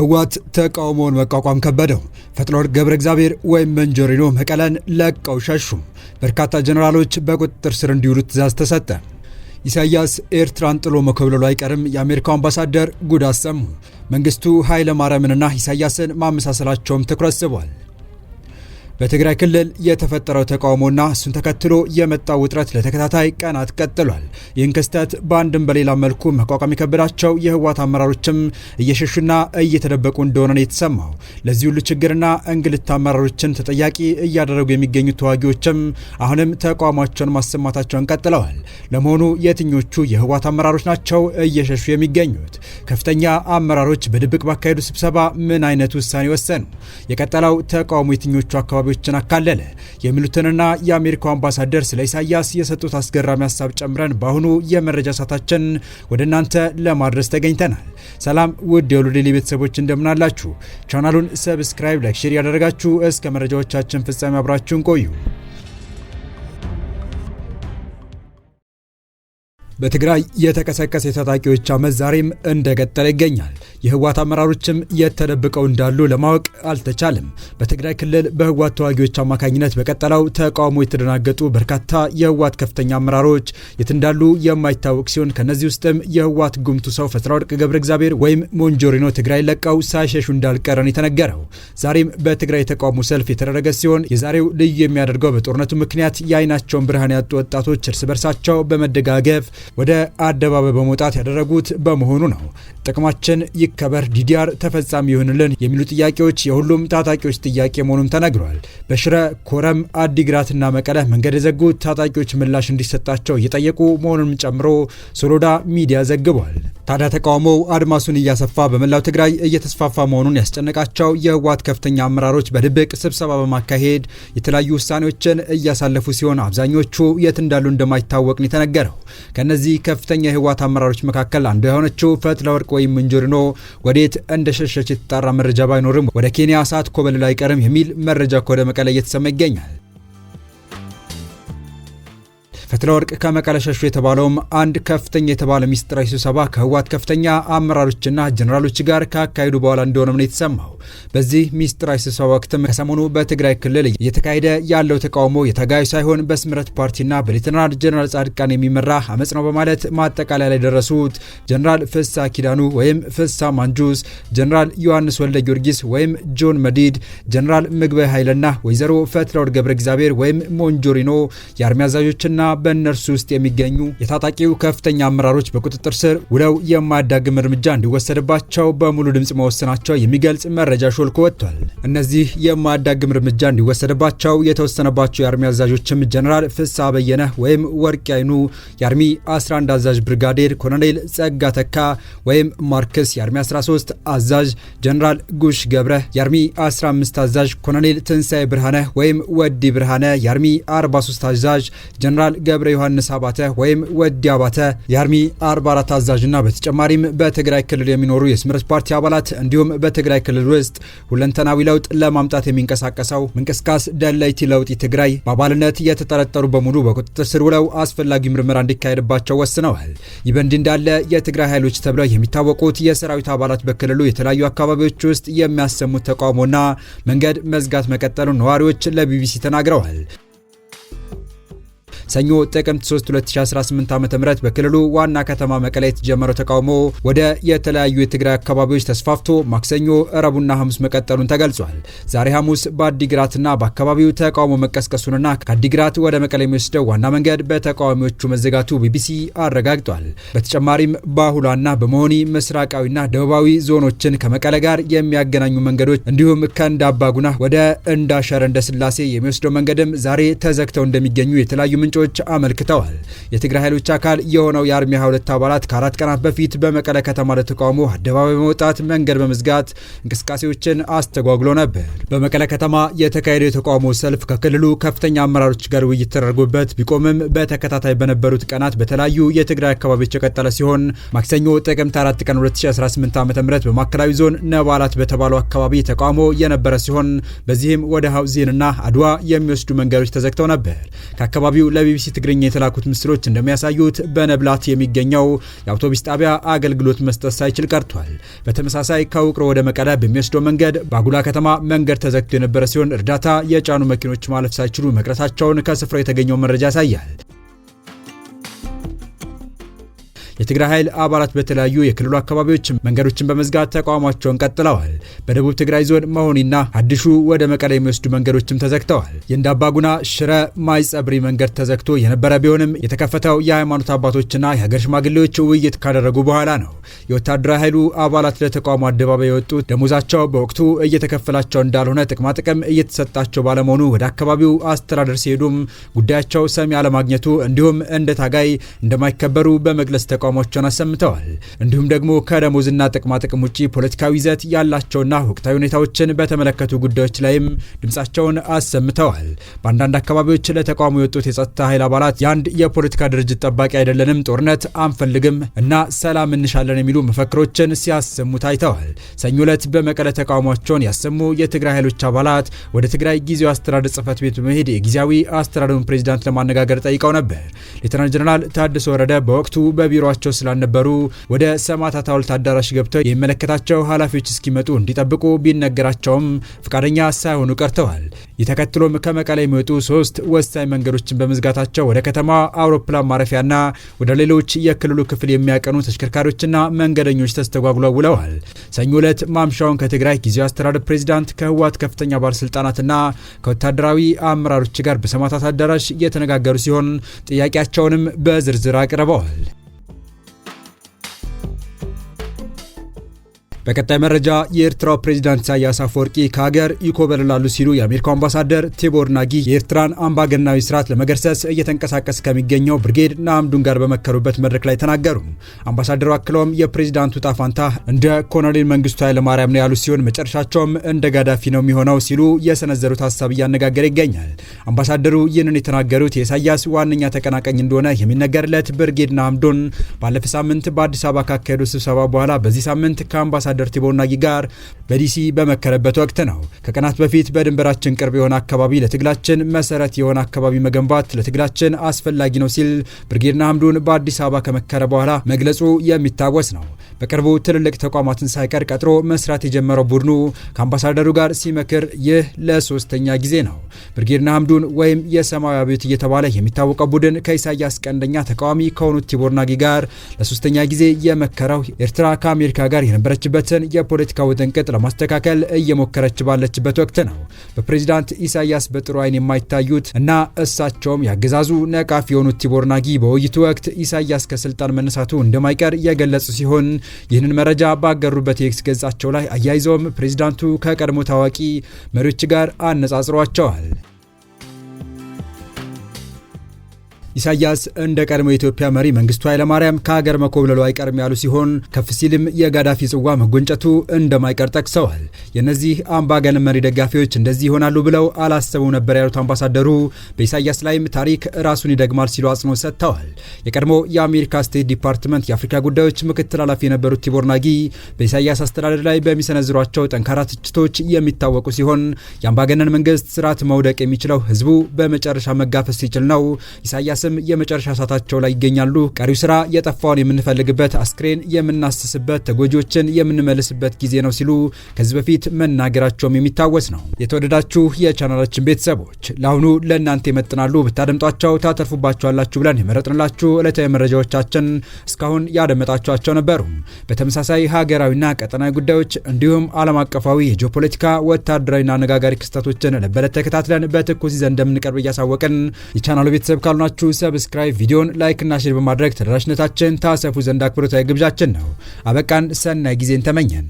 ህወሓት ተቃውሞውን መቋቋም ከበደው። ፈጥኖር ገብረ እግዚአብሔር ወይም መንጆሪኖ መቀለን ለቀው ሸሹ። በርካታ ጀኔራሎች በቁጥጥር ስር እንዲውሉ ትእዛዝ ተሰጠ። ኢሳያስ ኤርትራን ጥሎ መኮብለሉ አይቀርም። የአሜሪካው አምባሳደር ጉድ አሰሙ። መንግስቱ ኃይለማርያምንና ኢሳያስን ማመሳሰላቸውም ትኩረት ስቧል። በትግራይ ክልል የተፈጠረው ተቃውሞና እሱን ተከትሎ የመጣው ውጥረት ለተከታታይ ቀናት ቀጥሏል። ይህን ክስተት በአንድም በሌላ መልኩ መቋቋም የከበዳቸው የህወሓት አመራሮችም እየሸሹና እየተደበቁ እንደሆነ ነው የተሰማው። ለዚህ ሁሉ ችግርና እንግልት አመራሮችን ተጠያቂ እያደረጉ የሚገኙ ተዋጊዎችም አሁንም ተቃውሟቸውን ማሰማታቸውን ቀጥለዋል። ለመሆኑ የትኞቹ የህወሓት አመራሮች ናቸው እየሸሹ የሚገኙት? ከፍተኛ አመራሮች በድብቅ ባካሄዱ ስብሰባ ምን አይነት ውሳኔ ወሰኑ? የቀጠለው ተቃውሞ የትኞቹ አካባቢ ሀሳቦችን አካለለ የሚሉትንና የአሜሪካው አምባሳደር ስለ ኢሳያስ የሰጡት አስገራሚ ሀሳብ ጨምረን በአሁኑ የመረጃ ሰዓታችን ወደ እናንተ ለማድረስ ተገኝተናል። ሰላም ውድ የሁሉ ቤተሰቦች እንደምናላችሁ። ቻናሉን ሰብስክራይብ፣ ላይክ፣ ሼር ያደረጋችሁ እስከ መረጃዎቻችን ፍጻሜ አብራችሁን ቆዩ። በትግራይ የተቀሰቀሰ የታጣቂዎች አመፅ ዛሬም እንደቀጠለ ይገኛል። የህወሓት አመራሮችም የት ተደብቀው እንዳሉ ለማወቅ አልተቻለም። በትግራይ ክልል በህወሓት ተዋጊዎች አማካኝነት በቀጠለው ተቃውሞ የተደናገጡ በርካታ የህወሓት ከፍተኛ አመራሮች የት እንዳሉ የማይታወቅ ሲሆን ከነዚህ ውስጥም የህወሓት ጉምቱ ሰው ፈትለወርቅ ገብረ እግዚአብሔር ወይም ሞንጆሪኖ ትግራይ ለቀው ሳይሸሹ እንዳልቀረን የተነገረው ዛሬም በትግራይ የተቃውሞ ሰልፍ የተደረገ ሲሆን የዛሬው ልዩ የሚያደርገው በጦርነቱ ምክንያት የአይናቸውን ብርሃን ያጡ ወጣቶች እርስ በርሳቸው በመደጋገፍ ወደ አደባባይ በመውጣት ያደረጉት በመሆኑ ነው። ጥቅማችን ይከበር፣ ዲዲአር ተፈጻሚ ይሆንልን የሚሉ ጥያቄዎች የሁሉም ታጣቂዎች ጥያቄ መሆኑም ተነግሯል። በሽረ፣ ኮረም፣ አዲግራትና መቀለ መንገድ የዘጉ ታጣቂዎች ምላሽ እንዲሰጣቸው እየጠየቁ መሆኑንም ጨምሮ ሶሎዳ ሚዲያ ዘግቧል። ታዲያ ተቃውሞው አድማሱን እያሰፋ በመላው ትግራይ እየተስፋፋ መሆኑን ያስጨነቃቸው የህወሓት ከፍተኛ አመራሮች በድብቅ ስብሰባ በማካሄድ የተለያዩ ውሳኔዎችን እያሳለፉ ሲሆን አብዛኞቹ የት እንዳሉ እንደማይታወቅ ነው የተነገረው። ከእነዚህ ከፍተኛ የህወሓት አመራሮች መካከል አንዱ የሆነችው ፈትለወርቅ ወይም እንጆሪኖ ወዴት እንደሸሸች የተጣራ መረጃ ባይኖርም ወደ ኬንያ ሰዓት አይቀርም የሚል መረጃ ከወደ መቀለ እየተሰማ ይገኛል። ፈትለ ወርቅ ከመቀለ ሸሹ የተባለውም አንድ ከፍተኛ የተባለ ሚስጥራዊ ስብሰባ ከህወሓት ከፍተኛ አመራሮችና ጀኔራሎች ጋር ካካሄዱ በኋላ እንደሆነም ነው የተሰማው። በዚህ ሚስጥራዊ ስብሰባ ወቅትም ከሰሞኑ በትግራይ ክልል እየተካሄደ ያለው ተቃውሞ የተጋዩ ሳይሆን በስምረት ፓርቲና በሌተናል ጀኔራል ጻድቃን የሚመራ አመፅ ነው በማለት ማጠቃለያ ላይ ደረሱት። ጀኔራል ፍሳ ኪዳኑ ወይም ፍሳ ማንጁስ፣ ጀኔራል ዮሐንስ ወልደ ጊዮርጊስ ወይም ጆን መዲድ፣ ጀኔራል ምግበይ ኃይለና ወይዘሮ ፈትለወርቅ ገብረ እግዚአብሔር ወይም ሞንጆሪኖ የአርሚ አዛዦችና በእነርሱ ውስጥ የሚገኙ የታጣቂው ከፍተኛ አመራሮች በቁጥጥር ስር ውለው የማያዳግም እርምጃ እንዲወሰድባቸው በሙሉ ድምፅ መወሰናቸው የሚገልጽ መረጃ ሾልኮ ወጥቷል። እነዚህ የማያዳግም እርምጃ እንዲወሰድባቸው የተወሰነባቸው የአርሚ አዛዦችም ጀነራል ፍሳ በየነ ወይም ወርቅ አይኑ የአርሚ 11 አዛዥ ብርጋዴር ኮሎኔል ጸጋ ተካ ወይም ማርክስ የአርሚ 13 አዛዥ፣ ጀነራል ጉሽ ገብረ የአርሚ 15 አዛዥ፣ ኮሎኔል ትንሳኤ ብርሃነ ወይም ወዲ ብርሃነ የአርሚ 43 አዛዥ፣ ጀነራል ገብረ ዮሐንስ አባተ ወይም ወዲ አባተ የአርሚ 44 አዛዥና በተጨማሪም በትግራይ ክልል የሚኖሩ የስምረት ፓርቲ አባላት እንዲሁም በትግራይ ክልል ውስጥ ሁለንተናዊ ለውጥ ለማምጣት የሚንቀሳቀሰው ምንቅስቃስ ደለይቲ ለውጢ ትግራይ በአባልነት የተጠረጠሩ በሙሉ በቁጥጥር ስር ውለው አስፈላጊ ምርመራ እንዲካሄድባቸው ወስነዋል። ይህ በእንዲህ እንዳለ የትግራይ ኃይሎች ተብለው የሚታወቁት የሰራዊት አባላት በክልሉ የተለያዩ አካባቢዎች ውስጥ የሚያሰሙት ተቃውሞና መንገድ መዝጋት መቀጠሉን ነዋሪዎች ለቢቢሲ ተናግረዋል። ሰኞ ጥቅምት 3 2018 ም በክልሉ ዋና ከተማ መቀሌ የተጀመረው ተቃውሞ ወደ የተለያዩ የትግራይ አካባቢዎች ተስፋፍቶ ማክሰኞ፣ ረቡና ሐሙስ መቀጠሉን ተገልጿል። ዛሬ ሐሙስ በአዲግራትና በአካባቢው ተቃውሞ መቀስቀሱንና ከአዲግራት ወደ መቀሌ የሚወስደው ዋና መንገድ በተቃዋሚዎቹ መዘጋቱ ቢቢሲ አረጋግጧል። በተጨማሪም በአሁላና በመሆኒ ምስራቃዊና ደቡባዊ ዞኖችን ከመቀለ ጋር የሚያገናኙ መንገዶች እንዲሁም ከእንዳባጉና ወደ እንዳሸረ እንደ ስላሴ የሚወስደው መንገድም ዛሬ ተዘግተው እንደሚገኙ የተለያዩ ምንጮች ምንጮች አመልክተዋል። የትግራይ ኃይሎች አካል የሆነው የአርሚ 22 አባላት ከአራት ቀናት በፊት በመቀለ ከተማ ለተቃውሞ አደባባይ በመውጣት መንገድ በመዝጋት እንቅስቃሴዎችን አስተጓጉሎ ነበር። በመቀለ ከተማ የተካሄደው የተቃውሞ ሰልፍ ከክልሉ ከፍተኛ አመራሮች ጋር ውይይት ተደርጎበት ቢቆምም በተከታታይ በነበሩት ቀናት በተለያዩ የትግራይ አካባቢዎች የቀጠለ ሲሆን ማክሰኞ ጥቅምት 4 ቀን 2018 ዓ.ም በማዕከላዊ ዞን ነባላት በተባለው አካባቢ ተቃውሞ የነበረ ሲሆን በዚህም ወደ ሀውዜንና አድዋ የሚወስዱ መንገዶች ተዘግተው ነበር። ከአካባቢው ለቢ በቢቢሲ ትግርኛ የተላኩት ምስሎች እንደሚያሳዩት በነብላት የሚገኘው የአውቶቡስ ጣቢያ አገልግሎት መስጠት ሳይችል ቀርቷል። በተመሳሳይ ከውቅሮ ወደ መቀዳ በሚወስደው መንገድ በአጉላ ከተማ መንገድ ተዘግቶ የነበረ ሲሆን እርዳታ የጫኑ መኪኖች ማለፍ ሳይችሉ መቅረታቸውን ከስፍራው የተገኘው መረጃ ያሳያል። የትግራይ ኃይል አባላት በተለያዩ የክልሉ አካባቢዎች መንገዶችን በመዝጋት ተቃውሟቸውን ቀጥለዋል። በደቡብ ትግራይ ዞን መሆኒና አዲሹ ወደ መቀለ የሚወስዱ መንገዶችም ተዘግተዋል። የእንዳባጉና ሽረ ማይ ጸብሪ መንገድ ተዘግቶ የነበረ ቢሆንም የተከፈተው የሃይማኖት አባቶችና የሀገር ሽማግሌዎች ውይይት ካደረጉ በኋላ ነው። የወታደራዊ ኃይሉ አባላት ለተቃውሞ አደባባይ የወጡት ደሞዛቸው በወቅቱ እየተከፈላቸው እንዳልሆነ ጥቅማጥቅም እየተሰጣቸው ባለመሆኑ ወደ አካባቢው አስተዳደር ሲሄዱም ጉዳያቸው ሰሚ አለማግኘቱ እንዲሁም እንደ ታጋይ እንደማይከበሩ በመግለጽ ተቃ ተቃውሟቸውን አሰምተዋል። እንዲሁም ደግሞ ከደሞዝና ጥቅማጥቅም ውጭ ፖለቲካዊ ይዘት ያላቸውና ወቅታዊ ሁኔታዎችን በተመለከቱ ጉዳዮች ላይም ድምጻቸውን አሰምተዋል። በአንዳንድ አካባቢዎች ለተቃውሞ የወጡት የጸጥታ ኃይል አባላት የአንድ የፖለቲካ ድርጅት ጠባቂ አይደለንም፣ ጦርነት አንፈልግም እና ሰላም እንሻለን የሚሉ መፈክሮችን ሲያሰሙ ታይተዋል። ሰኞ ዕለት በመቀለ ተቃውሟቸውን ያሰሙ የትግራይ ኃይሎች አባላት ወደ ትግራይ ጊዜያዊ አስተዳደር ጽህፈት ቤት በመሄድ የጊዜያዊ አስተዳደሩን ፕሬዚዳንት ለማነጋገር ጠይቀው ነበር። ሌተናል ጀነራል ታደሰ ወረደ በወቅቱ በቢሮ አብረዋቸው ስላልነበሩ ወደ ሰማዕታት ሐውልት አዳራሽ ገብተው የሚመለከታቸው ኃላፊዎች እስኪመጡ እንዲጠብቁ ቢነገራቸውም ፈቃደኛ ሳይሆኑ ቀርተዋል። የተከትሎም ከመቀሌ የሚወጡ ሶስት ወሳኝ መንገዶችን በመዝጋታቸው ወደ ከተማ አውሮፕላን ማረፊያና ወደ ሌሎች የክልሉ ክፍል የሚያቀኑ ተሽከርካሪዎችና መንገደኞች ተስተጓጉለው ውለዋል። ሰኞ ዕለት ማምሻውን ከትግራይ ጊዜያዊ አስተዳደር ፕሬዚዳንት ከህወሓት ከፍተኛ ባለስልጣናትና ከወታደራዊ አመራሮች ጋር በሰማዕታት አዳራሽ እየተነጋገሩ ሲሆን ጥያቄያቸውንም በዝርዝር አቅርበዋል። በቀጣይ መረጃ የኤርትራው ፕሬዚዳንት ኢሳያስ አፈወርቂ ከሀገር ይኮበልላሉ ሲሉ የአሜሪካው አምባሳደር ቲቦር ናጊ የኤርትራን አምባገናዊ ስርዓት ለመገርሰስ እየተንቀሳቀስ ከሚገኘው ብርጌድ ናአምዱን ጋር በመከሩበት መድረክ ላይ ተናገሩ። አምባሳደሩ አክለውም የፕሬዚዳንቱ ዕጣ ፈንታ እንደ ኮሎኔል መንግስቱ ኃይለማርያም ነው ያሉ ሲሆን መጨረሻቸውም እንደ ጋዳፊ ነው የሚሆነው ሲሉ የሰነዘሩት ሀሳብ እያነጋገረ ይገኛል። አምባሳደሩ ይህንን የተናገሩት የኢሳያስ ዋነኛ ተቀናቃኝ እንደሆነ የሚነገርለት ብርጌድ ናአምዱን ባለፈ ሳምንት በአዲስ አበባ ካካሄዱ ስብሰባ በኋላ በዚህ ሳምንት ከአምባሳ አምባሳደር ቲቦር ናጊ ጋር በዲሲ በመከረበት ወቅት ነው። ከቀናት በፊት በድንበራችን ቅርብ የሆነ አካባቢ ለትግላችን መሰረት የሆነ አካባቢ መገንባት ለትግላችን አስፈላጊ ነው ሲል ብርጌድና አምዱን በአዲስ አበባ ከመከረ በኋላ መግለጹ የሚታወስ ነው። በቅርቡ ትልልቅ ተቋማትን ሳይቀር ቀጥሮ መስራት የጀመረው ቡድኑ ከአምባሳደሩ ጋር ሲመክር ይህ ለሶስተኛ ጊዜ ነው። ብርጌድ ንሓመዱን ወይም የሰማያዊ አብዮት እየተባለ የሚታወቀው ቡድን ከኢሳያስ ቀንደኛ ተቃዋሚ ከሆኑት ቲቦር ናጊ ጋር ለሶስተኛ ጊዜ የመከረው ኤርትራ ከአሜሪካ ጋር የነበረችበትን የፖለቲካ ውጥንቅጥ ለማስተካከል እየሞከረች ባለችበት ወቅት ነው። በፕሬዚዳንት ኢሳያስ በጥሩ አይን የማይታዩት እና እሳቸውም ያገዛዙ ነቃፊ የሆኑት ቲቦር ናጊ በውይይቱ ወቅት ኢሳያስ ከስልጣን መነሳቱ እንደማይቀር የገለጹ ሲሆን ይህንን መረጃ ባገሩበት የኤክስ ገጻቸው ላይ አያይዘውም ፕሬዚዳንቱ ከቀድሞ ታዋቂ መሪዎች ጋር አነጻጽሯቸዋል። ኢሳያስ እንደ ቀድሞ የኢትዮጵያ መሪ መንግስቱ ኃይለማርያም ከሀገር መኮብለሉ አይቀርም ያሉ ሲሆን ከፍ ሲልም የጋዳፊ ጽዋ መጎንጨቱ እንደማይቀር ጠቅሰዋል። የእነዚህ አምባገነን መሪ ደጋፊዎች እንደዚህ ይሆናሉ ብለው አላሰቡ ነበር ያሉት አምባሳደሩ በኢሳያስ ላይም ታሪክ ራሱን ይደግማል ሲሉ አጽንኦት ሰጥተዋል። የቀድሞ የአሜሪካ ስቴት ዲፓርትመንት የአፍሪካ ጉዳዮች ምክትል ኃላፊ የነበሩት ቲቦር ናጊ በኢሳያስ አስተዳደር ላይ በሚሰነዝሯቸው ጠንካራ ትችቶች የሚታወቁ ሲሆን የአምባገነን መንግስት ስርዓት መውደቅ የሚችለው ህዝቡ በመጨረሻ መጋፈስ ሲችል ነው ኢሳያስ ስም የመጨረሻ ሰዓታቸው ላይ ይገኛሉ። ቀሪው ስራ የጠፋውን የምንፈልግበት፣ አስክሬን የምናስስበት፣ ተጎጂዎችን የምንመልስበት ጊዜ ነው ሲሉ ከዚህ በፊት መናገራቸውም የሚታወስ ነው። የተወደዳችሁ የቻናላችን ቤተሰቦች ለአሁኑ ለእናንተ ይመጥናሉ ብታደምጧቸው ታተርፉባቸዋላችሁ ብለን የመረጥንላችሁ ዕለታዊ መረጃዎቻችን እስካሁን ያደመጣችኋቸው ነበሩ። በተመሳሳይ ሀገራዊና ቀጠናዊ ጉዳዮች እንዲሁም ዓለም አቀፋዊ የጂኦፖለቲካ ወታደራዊና አነጋጋሪ ክስተቶችን ለበለት ተከታትለን በትኩስ ይዘን እንደምንቀርብ እያሳወቅን የቻናሉ ቤተሰብ ካሉናችሁ ሰብስክራይብ፣ ቪዲዮን ላይክ እና ሼር በማድረግ ተደራሽነታችን ታሰፉ ዘንድ አክብሮታዊ ግብዣችን ነው። አበቃን። ሰናይ ጊዜን ተመኘን።